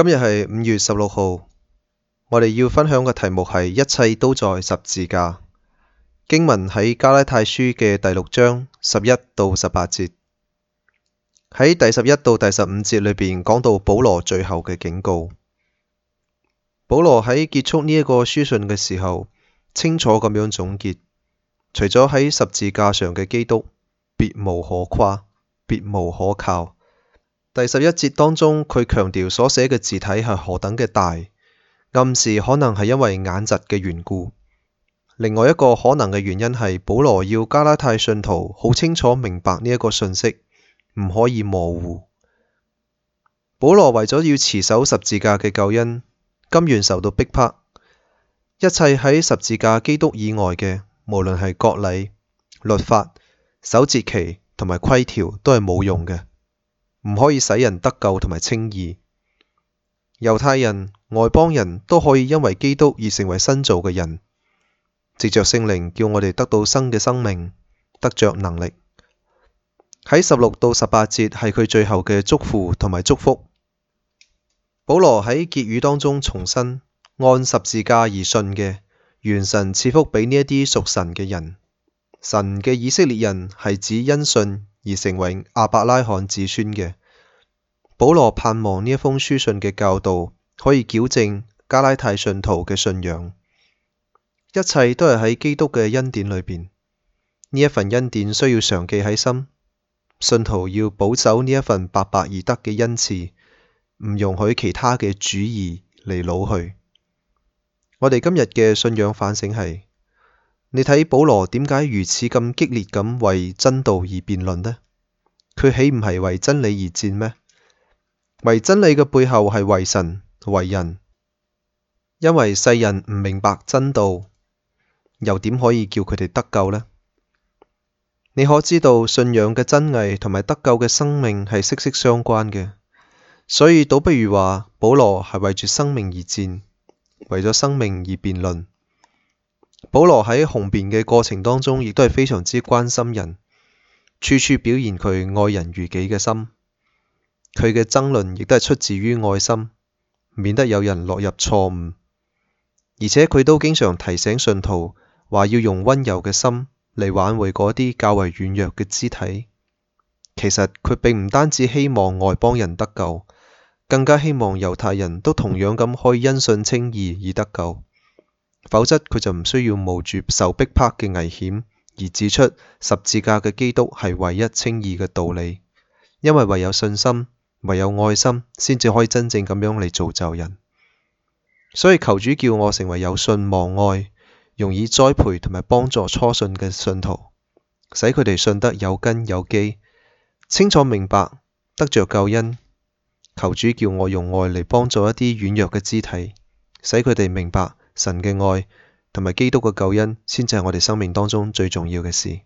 今日係五月十六號，我哋要分享嘅題目係一切都在十字架。經文喺加拉太書嘅第六章十一到十八節，喺第十一到第十五節裏邊講到保羅最後嘅警告。保羅喺結束呢一個書信嘅時候，清楚咁樣總結：除咗喺十字架上嘅基督，別無可誇，別無可靠。第十一節當中，佢強調所寫嘅字體係何等嘅大，暗示可能係因為眼疾嘅緣故。另外一個可能嘅原因係保羅要加拉太信徒好清楚明白呢一個信息，唔可以模糊。保羅為咗要持守十字架嘅救恩，甘願受到逼迫。一切喺十字架基督以外嘅，無論係割禮、律法、守節期同埋規條，都係冇用嘅。唔可以使人得救同埋稱義。猶太人、外邦人都可以因為基督而成為新造嘅人，藉着聖靈叫我哋得到新嘅生命，得着能力。喺十六到十八節係佢最後嘅祝福同埋祝福。保羅喺結語當中重申，按十字架而信嘅原神賜福俾呢一啲屬神嘅人，神嘅以色列人係指因信，而成為亞伯拉罕子孫嘅。保羅盼望呢一封書信嘅教導可以矯正加拉太信徒嘅信仰，一切都係喺基督嘅恩典裏邊。呢一份恩典需要常記喺心，信徒要保守呢一份白白而得嘅恩賜，唔容許其他嘅主義嚟老去。我哋今日嘅信仰反省係。你睇保羅點解如此咁激烈咁為真道而辯論呢？佢豈唔係為真理而戰咩？為真理嘅背後係為神為人，因為世人唔明白真道，又點可以叫佢哋得救呢？你可知道信仰嘅真偽同埋得救嘅生命係息息相關嘅，所以倒不如話保羅係為住生命而戰，為咗生命而辯論。保羅喺雄辯嘅過程當中，亦都係非常之關心人，處處表現佢愛人如己嘅心。佢嘅爭論亦都係出自於愛心，免得有人落入錯誤。而且佢都經常提醒信徒話要用溫柔嘅心嚟挽回嗰啲較為軟弱嘅肢體。其實佢並唔單止希望外邦人得救，更加希望猶太人都同樣咁可以因信稱義而得救。否則佢就唔需要冒住受逼迫嘅危險，而指出十字架嘅基督係唯一稱義嘅道理。因為唯有信心，唯有愛心，先至可以真正咁樣嚟造就人。所以求主叫我成為有信望愛，容易栽培同埋幫助初信嘅信徒，使佢哋信得有根有基，清楚明白得着救恩。求主叫我用愛嚟幫助一啲軟弱嘅肢體，使佢哋明白。神嘅愛同埋基督嘅救恩，先至係我哋生命當中最重要嘅事。